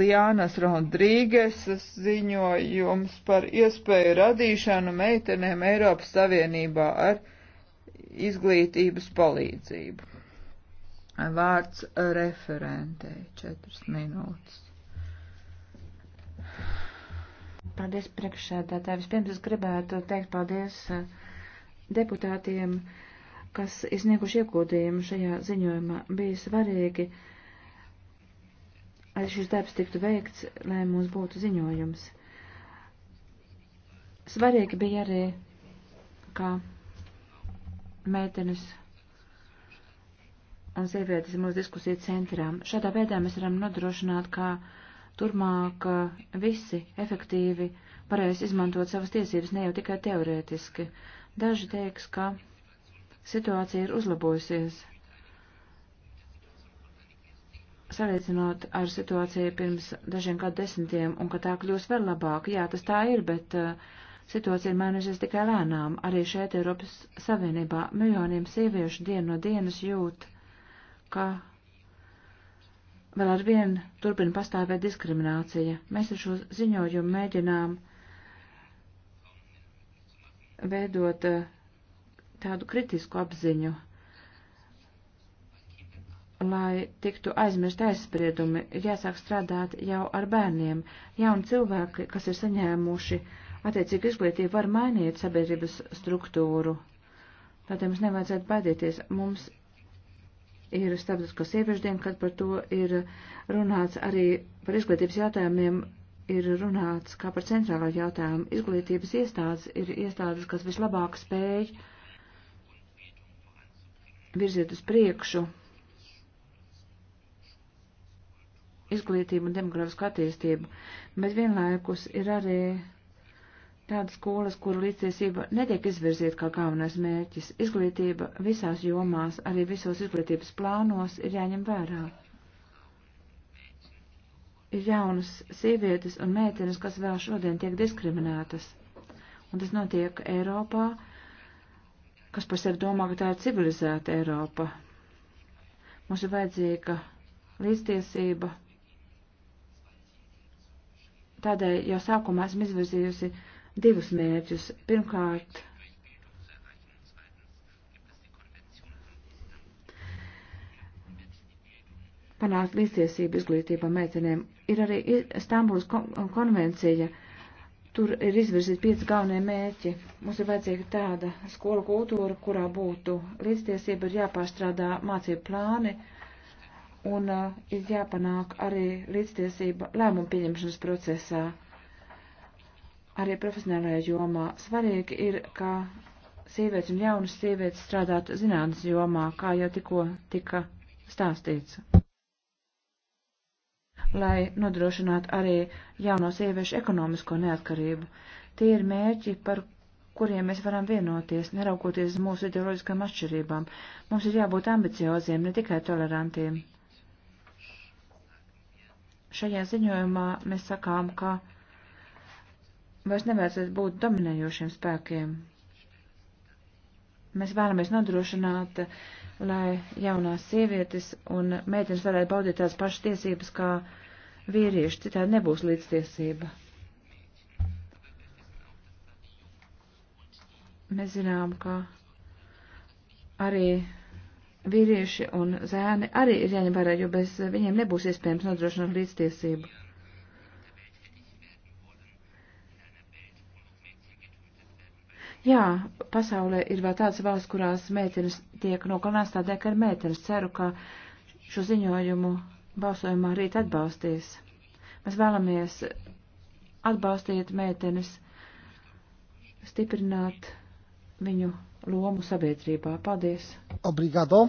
Liliānas Rodrīgesas ziņojums par iespēju radīšanu meitenēm Eiropas Savienībā ar izglītības palīdzību. Vārds referentei četras minūtes. Paldies priekšsēdētāji. Vispirms es gribētu teikt paldies eh, deputātiem, kas iznieguši iekūdījumu šajā ziņojumā. Bija svarīgi uh, lai šis darbs tiktu veikts, lai mums būtu ziņojums. Svarīgi bija arī, kā meitenes un sievietes mūsu diskusiju centrām. Šādā veidā mēs varam nodrošināt, ka turmāk visi efektīvi varēs izmantot savas tiesības ne jau tikai teorētiski. Daži teiks, ka situācija ir uzlabojusies, salīdzinot ar situāciju pirms dažiem gadu desmitiem, un ka tā kļūs vēl labāk. Jā, tas tā ir, bet uh, situācija ir mainījusies tikai lēnām. Arī šeit Eiropas Savienībā miljoniem sieviešu dienu no dienas jūt, ka vēl ar vienu turpina pastāvēt diskriminācija. Mēs ar šo ziņojumu mēģinām veidot uh, tādu kritisku apziņu lai tiktu aizmirst aizspriedumi, ir jāsāk strādāt jau ar bērniem. Jauni cilvēki, kas ir saņēmuši attiecīgu izglītību, var mainīt sabiedrības struktūru. Tādēļ mums nevajadzētu baidīties. Mums ir starptautiskā sieviešu diena, kad par to ir runāts arī par izglītības jautājumiem ir runāts kā par centrālo jautājumu. Izglītības iestādes ir iestādes, kas vislabāk spēj virzīt uz priekšu izglītību un demografisku attīstību, bet vienlaikus ir arī tādas skolas, kuru līdztiesība netiek izvirzīta kā galvenais mērķis. Izglītība visās jomās, arī visos izglītības plānos ir jāņem vērā. Ir jaunas sievietes un meitenes, kas vēl šodien tiek diskriminētas. Un tas notiek Eiropā, kas par sevi domā, ka tā ir civilizēta Eiropa. Mums ir vajadzīga līdztiesība Tādēļ jau sākumā esmu izvirzījusi divus mērķus. Pirmkārt, panākt līdztiesību izglītībā meitenēm. Ir arī Stambuls konvencija, tur ir izvirzīti pieci galvenie mērķi. Mums ir vajadzīga tāda skola kultūra, kurā būtu līdztiesība, ir jāpārstrādā mācību plāni. Uh, un uh, ir jāpanāk arī līdztiesība lēmumu pieņemšanas procesā, arī profesionālajā jomā. Svarīgi ir, ka sievietes un jaunas sievietes strādāt zinātnes jomā, kā jau tikko tika stāstīts. Lai nodrošinātu arī jauno sieviešu ekonomisko neatkarību, tie ir mērķi, par kuriem mēs varam vienoties, neraugoties uz mūsu ideoloģiskām atšķirībām. Mums ir jābūt ambicioziem, ne tikai tolerantiem. Šajā ziņojumā mēs sakām, ka vairs nevajadzētu būt dominējošiem spēkiem. Mēs vēlamies nodrošināt, lai jaunās sievietes un meitenes varētu baudīt tās pašas tiesības kā vīrieši, citādi nebūs līdztiesība. Mēs zinām, ka arī vīrieši un zēni arī ir jāņem vērā, jo bez viņiem nebūs iespējams nodrošināt līdztiesību. Jā, pasaulē ir vēl tādas valsts, kurās meitenes tiek nokalnās tādēļ, ka ir meitenes. Ceru, ka šo ziņojumu balsojumā rīt atbalstīs. Mēs vēlamies atbalstīt meitenes, stiprināt viņu lomu sabiedrībā. Paldies! Obrigado!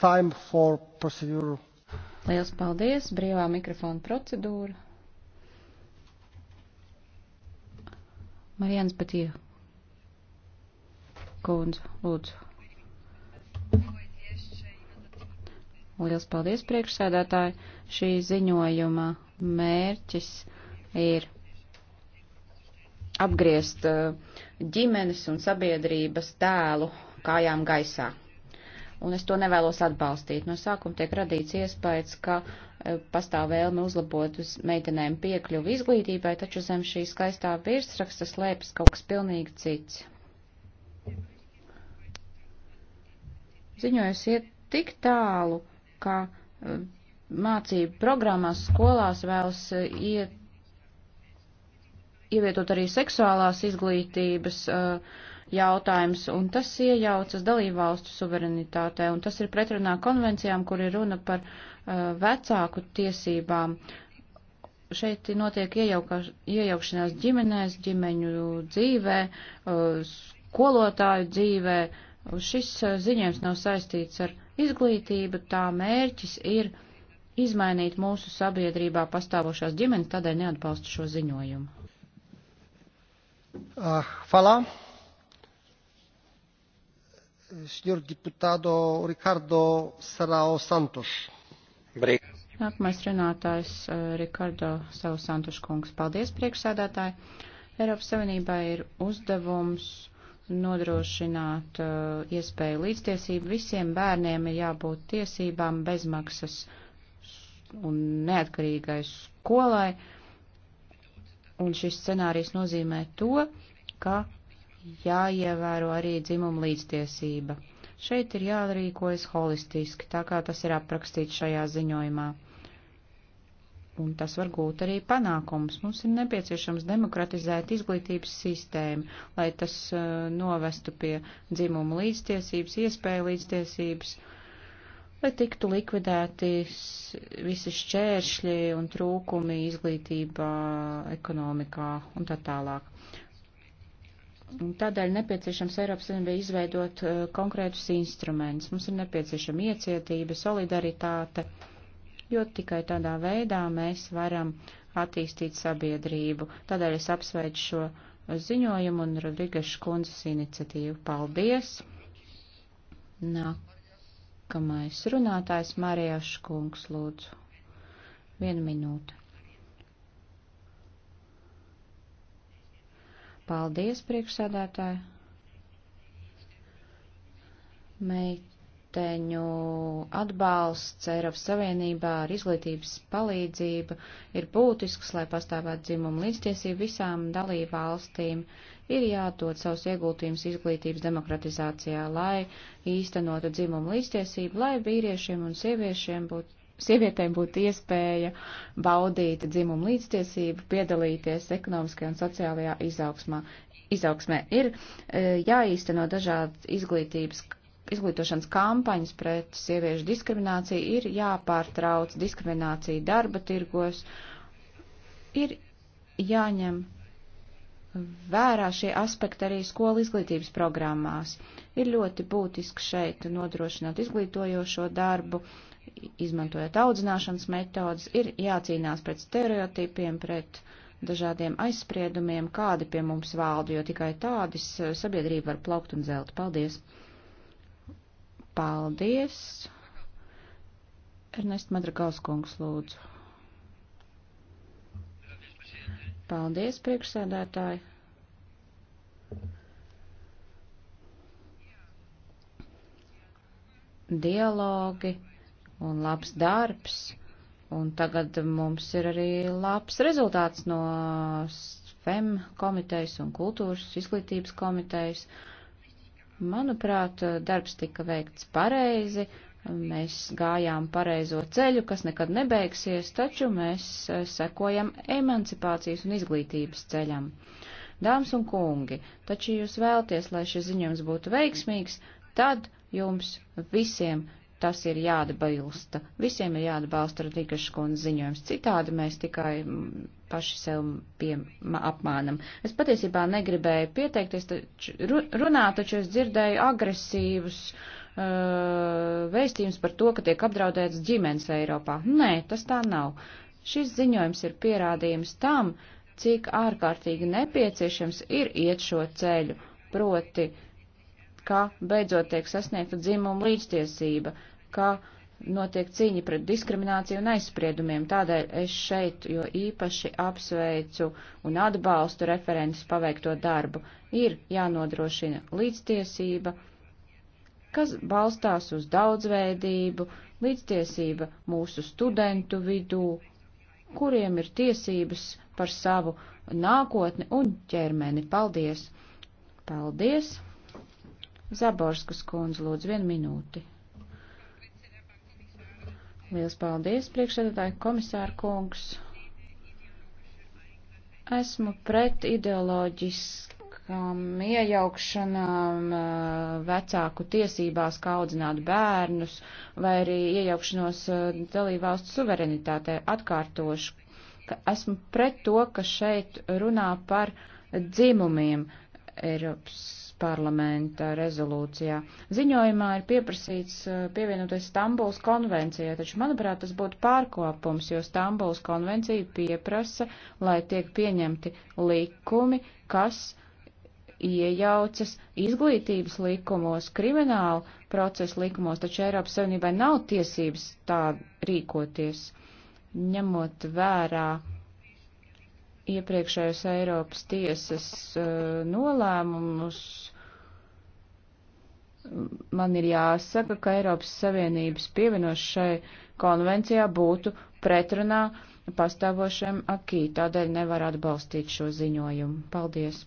Time for procedure. Liels paldies! Brīvā mikrofona procedūra. Marijans Patie. Kundze, lūdzu. Liels paldies priekšsēdētāji. Šī ziņojuma mērķis ir apgriezt eh, ģimenes un sabiedrības tēlu kājām gaisā. Un es to nevēlos atbalstīt. No sākuma tiek radīts iespējas, ka eh, pastāv vēlme uzlabot uz meitenēm piekļuvu izglītībai, taču zem šī skaistā virsraksta slēpjas kaut kas pilnīgi cits. Ziņojums iet tik tālu, ka eh, mācību programmās skolās vēlas iet ievietot arī seksuālās izglītības uh, jautājums, un tas iejaucas dalībvalstu suverenitātē, un tas ir pretrunā konvencijām, kur ir runa par uh, vecāku tiesībām. Šeit notiek iejauka, iejaukšanās ģimenēs, ģimeņu dzīvē, uh, skolotāju dzīvē. Šis uh, ziņojums nav saistīts ar izglītību, tā mērķis ir izmainīt mūsu sabiedrībā pastāvošās ģimenes, tādēļ neatbalstu šo ziņojumu hvala ah, señor diputado ricardo serrao santos nākamais runātājs eh, ricardo serrao santos kungs paldies priekšsēdētāji Eiropas Savienībā ir uzdevums nodrošināt uh, iespēju līdztiesību visiem bērniem ir jābūt tiesībām bezmaksas un neatkarīgai skolai uh, Un šis scenārijs nozīmē to, ka jāievēro arī dzimuma līdztiesība. Šeit ir jārīkojas holistiski, tā kā tas ir aprakstīts šajā ziņojumā. Un tas var gūt arī panākums. Mums ir nepieciešams demokratizēt izglītības sistēmu, lai tas uh, novestu pie dzimuma līdztiesības, iespēju līdztiesības. Uh, lai tiktu likvidēti visi šķēršļi un trūkumi izglītībā, ekonomikā un tā tālāk. Tādēļ nepieciešams Eiropas Savienībai izveidot eh, konkrētus instrumentus. Mums ir nepieciešama iecietība, solidaritāte, jo tikai tādā veidā mēs varam attīstīt sabiedrību. Tādēļ es apsveicu šo ziņojumu un Rodrigas kundzes iniciatīvu. Paldies! Nāk Nākamais runātājs Marijas Kungs, lūdzu. Vienu minūti. Paldies, priekšsēdētāji. Meit meiteņu atbalsts Eiropas Savienībā ar izglītības palīdzību ir būtisks, lai pastāvētu dzimumu līdztiesību visām dalību valstīm. Ir jādod savus ieguldījumus izglītības demokratizācijā, lai īstenotu dzimumu līdztiesību, lai vīriešiem un sieviešiem būtu sievietēm būtu iespēja baudīt dzimumu līdztiesību, piedalīties ekonomiskajā un sociālajā izaugsmā. izaugsmē. Ir e, jāīsteno dažādas izglītības izglītošanas kampaņas pret sieviešu diskrimināciju ir jāpārtrauc diskriminācija darba tirgos, ir jāņem vērā šie aspekti arī skolu izglītības programmās. Ir ļoti būtiski šeit nodrošināt izglītojošo darbu, izmantojot audzināšanas metodas, ir jācīnās pret stereotipiem, pret dažādiem aizspriedumiem, kādi pie mums valda, jo tikai tādas eh, sabiedrība var plaukt un zelt. Paldies! Paldies! Ernest Madrakauskungs lūdzu. Paldies, priekšsēdētāji! Dialogi un labs darbs, un tagad mums ir arī labs rezultāts no FEM komitejas un kultūras izglītības komitejas. Uh, Manuprāt, darbs tika veikts pareizi, mēs gājām pareizo ceļu, kas nekad nebeigsies, taču mēs eh, sekojam emancipācijas un izglītības ceļam. Dāmas un kungi, taču jūs vēlties, lai šis ziņojums būtu veiksmīgs, tad jums visiem tas ir jāatbalsta. Visiem ir jāatbalsta Rodrīgas kundzes ziņojums. Citādi mēs tikai mm, paši sev pie, apmānam. Es patiesībā negribēju pieteikties, taču, runāt, taču es dzirdēju agresīvus uh, vēstījumus par to, ka tiek apdraudēts ģimenes Eiropā. Nē, tas tā nav. Šis ziņojums ir pierādījums tam, cik ārkārtīgi nepieciešams ir iet šo ceļu, proti, ka beidzot tiek sasniegta dzimuma līdztiesība, ka uh, notiek cīņa pret diskrimināciju un aizspriedumiem. Tādēļ es šeit jo īpaši apsveicu un atbalstu referentus paveikto darbu. Ir jānodrošina līdztiesība, kas balstās uz daudzveidību, līdztiesība mūsu studentu vidū, kuriem ir tiesības par savu nākotni un ķermeni. Paldies! Paldies! Zaborskas kundze, lūdzu, vienu minūti. Liels paldies, priekšsēdētāji komisāra kungs. Esmu pret ideoloģiskām iejaukšanām vecāku tiesībās kaudzināt bērnus vai arī iejaukšanos dalībvalstu suverenitātē. Atkārtošu, ka esmu pret to, ka šeit runā par dzimumiem. Uh, Eiropas parlamenta rezolūcijā. Ziņojumā ir pieprasīts eh, pievienoties Stambuls konvencijai, taču, manuprāt, tas būtu pārkopums, jo Stambuls konvencija pieprasa, lai tiek pieņemti likumi, kas iejaucas izglītības likumos, kriminālu procesu likumos, taču Eiropas Savienībai nav tiesības tā rīkoties, ņemot vērā iepriekšējos Eiropas tiesas uh, nolēmumus, man ir jāsaka, ka Eiropas Savienības pievienoš šai konvencijā būtu pretrunā pastāvošiem akī, tādēļ nevar atbalstīt šo ziņojumu. Paldies!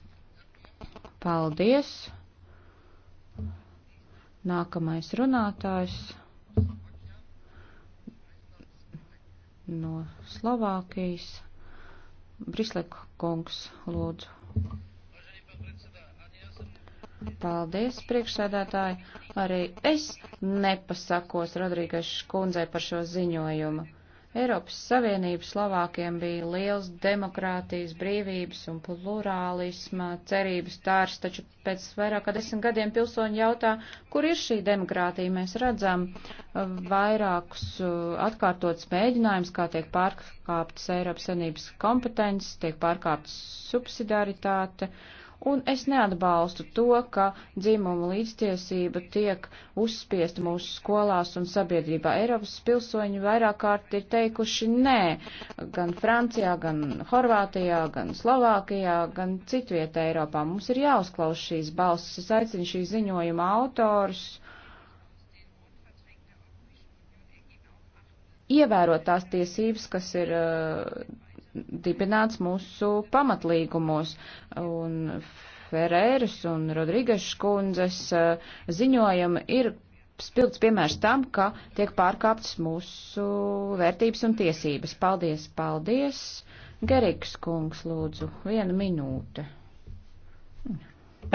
Paldies! Nākamais runātājs no Slovākijas. Brislek kungs, lūdzu. Paldies, priekšsēdētāji. Arī es nepasakos Rodrīgas kundzei par šo ziņojumu. Eiropas Savienības Slovākiem bija liels demokrātijas, brīvības un plurālisma cerības tārs, taču pēc vairāk kā desmit gadiem pilsoņi jautā, kur ir šī demokrātija. Mēs redzam uh, vairākus uh, atkārtotus mēģinājumus, kā tiek pārkāptas Eiropas Savienības kompetences, tiek pārkāptas subsidiaritāte. Uh, un es neatbalstu to, ka dzimuma līdztiesība tiek uzspiesta mūsu skolās un sabiedrībā. Eiropas pilsoņi vairāk kārt ir teikuši nē, gan Francijā, gan Horvātijā, gan Slovākijā, gan citvietē Eiropā. Mums ir jāuzklaus šīs balsis. Es aicinu šī ziņojuma autors. Ievērot tās tiesības, kas ir uh, dibināts mūsu pamatlīgumos. Un Ferēras un Rodrīgas kundzes eh, ziņojumi ir spilgts piemērs tam, ka tiek pārkāptas mūsu vērtības un tiesības. Paldies, paldies! Geriks kungs, lūdzu, viena minūte.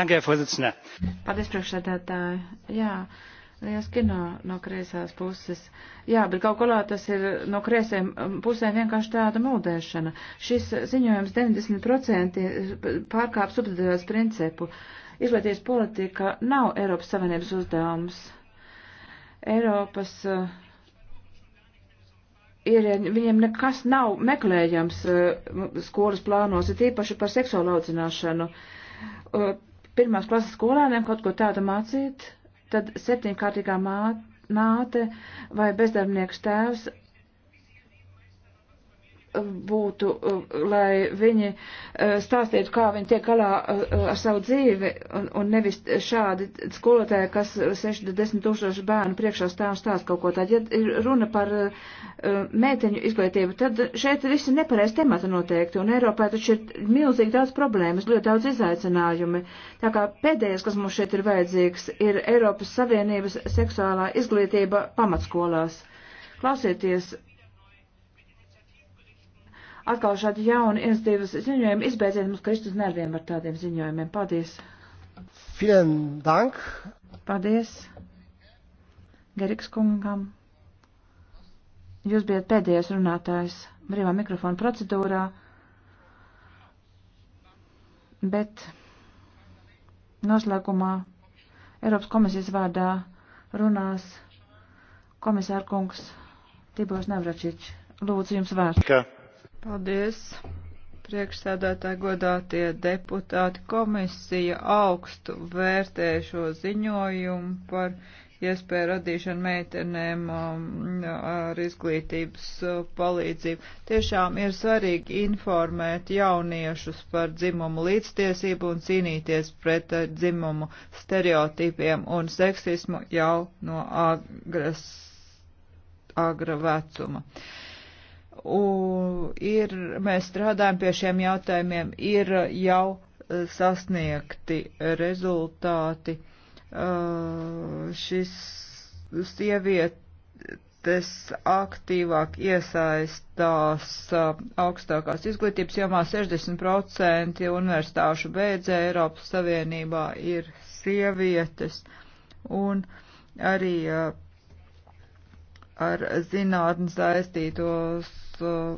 Paldies, priekšsēdētāji. Jā. Liels kino no kreisās puses. Jā, bet kaut kolā tas ir no kreisēm pusēm vienkārši tāda mūdēšana. Šis ziņojums 90% pārkāp subsidējās principu. Izglītības politika nav Eiropas Savienības uzdevums. Eiropas uh, ir, viņiem nekas nav meklējams uh, skolas plānos, ir īpaši par seksuālu audzināšanu. Uh, pirmās klases skolēniem kaut ko tādu mācīt tad septiņkārtīgā māte vai bezdarbnieks tēvs būtu, lai viņi e, stāstītu, kā viņi tiek galā e, ar savu dzīvi, un, un nevis šādi skolotāji, kas 60 tūkstoši bērnu priekšā stāv un stāst kaut ko tādu. Ja ir runa par e, mēteņu izglītību, tad šeit viss ir nepareiz temata noteikti, un Eiropā taču ir milzīgi daudz problēmas, ļoti daudz izaicinājumi. Tā kā pēdējais, kas mums šeit ir vajadzīgs, ir Eiropas Savienības seksuālā izglītība pamatskolās. Klausieties, atkal šādi jauni institīvas ziņojumi. Izbeidziet mums Kristus nerviem ar tādiem ziņojumiem. Paldies! Vielen dank! Paldies! Geriks kungam! Jūs bijat pēdējais runātājs brīvā mikrofona procedūrā, bet noslēgumā Eiropas komisijas vārdā runās komisārkungs Tibors Navračič. Lūdzu, jums vārds. Paldies, priekšsēdētāji godātie deputāti. Komisija augstu vērtē šo ziņojumu par iespēju radīšanu meitenēm um, ar izglītības uh, palīdzību. Tiešām ir svarīgi informēt jauniešus par dzimumu līdztiesību un cīnīties pret uh, dzimumu stereotipiem un seksismu jau no agras, agra vecuma. Uh, ir, mēs strādājam pie šiem jautājumiem, ir jau e, sasniegti rezultāti. E, šis sievietes aktīvāk iesaistās e, augstākās izglītības jomā 60% universitāšu beidzē Eiropas Savienībā ir sievietes. Un arī ar zinātni saistītos Uh,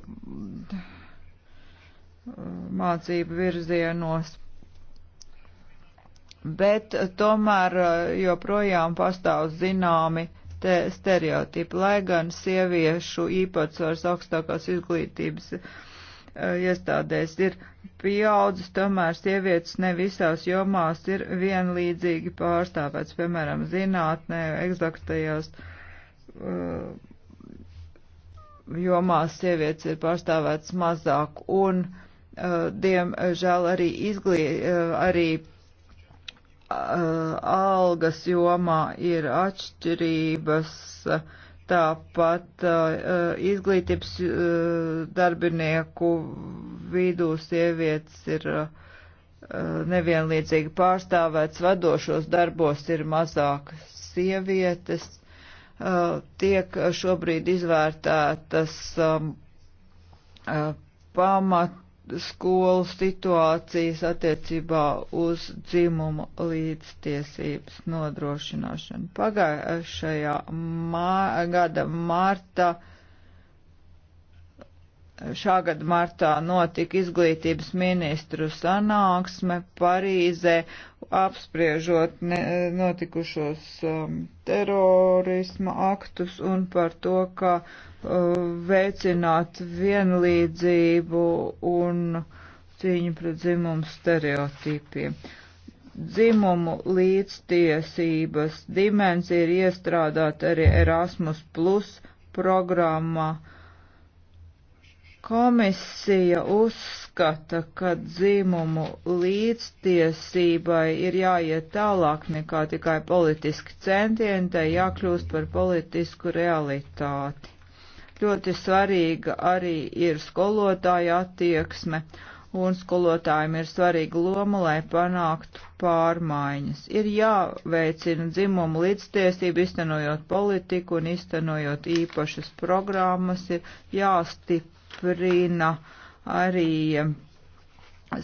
mācību virzienos. Bet tomēr uh, joprojām pastāv zināmi stereotipi, lai gan sieviešu īpatsvars augstākās izglītības uh, iestādēs ir pieaudzis, tomēr sievietes ne visās jomās ir vienlīdzīgi pārstāvēts, piemēram, zinātnē, eksaktajās uh, jomā sievietes ir pārstāvētas mazāk un, uh, diemžēl, arī, izglī, uh, arī uh, algas jomā ir atšķirības. Uh, Tāpat uh, izglītības uh, darbinieku vidū sievietes ir uh, uh nevienlīdzīgi pārstāvētas, vadošos darbos ir mazāk sievietes Uh, tiek šobrīd izvērtētas um, uh, pamatskolu situācijas attiecībā uz dzimumu līdztiesības nodrošināšanu. Pagājušajā mā, gada marta Šā gada martā notika izglītības ministru sanāksme Parīzē, apspriežot ne, notikušos um, terorisma aktus un par to, kā uh, veicināt vienlīdzību un cīņu pret dzimumu stereotipiem. Dzimumu līdztiesības dimensija ir iestrādāta arī Erasmus Plus programmā. Uh, Komisija uzskata, ka dzimumu līdztiesībai ir jāiet tālāk nekā tikai politiski centieni, tai jākļūst par politisku realitāti. Ļoti svarīga arī ir skolotāja attieksme, un skolotājiem ir svarīga loma, lai panāktu pārmaiņas. Ir jāveicina dzimumu līdztiesību, iztenojot politiku un iztenojot īpašas programmas, ir jāstiprina stiprina arī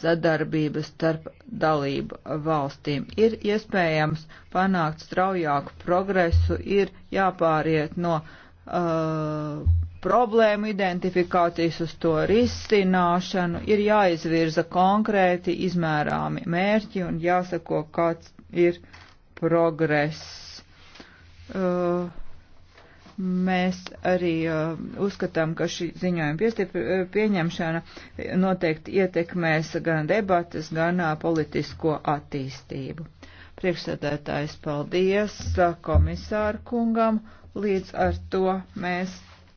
sadarbības starp dalību valstīm. Ir iespējams panākt straujāku progresu, ir jāpāriet no uh, problēmu identifikācijas uz to risināšanu, ir jāizvirza konkrēti izmērāmi mērķi un jāsako, kāds ir progress. Uh, Mēs arī uh, uzskatām, ka šī ziņojuma uh, pieņemšana noteikti ietekmēs gan debatas, gan uh, politisko attīstību. Priekšsēdētājs paldies uh, komisāru kungam, līdz ar to mēs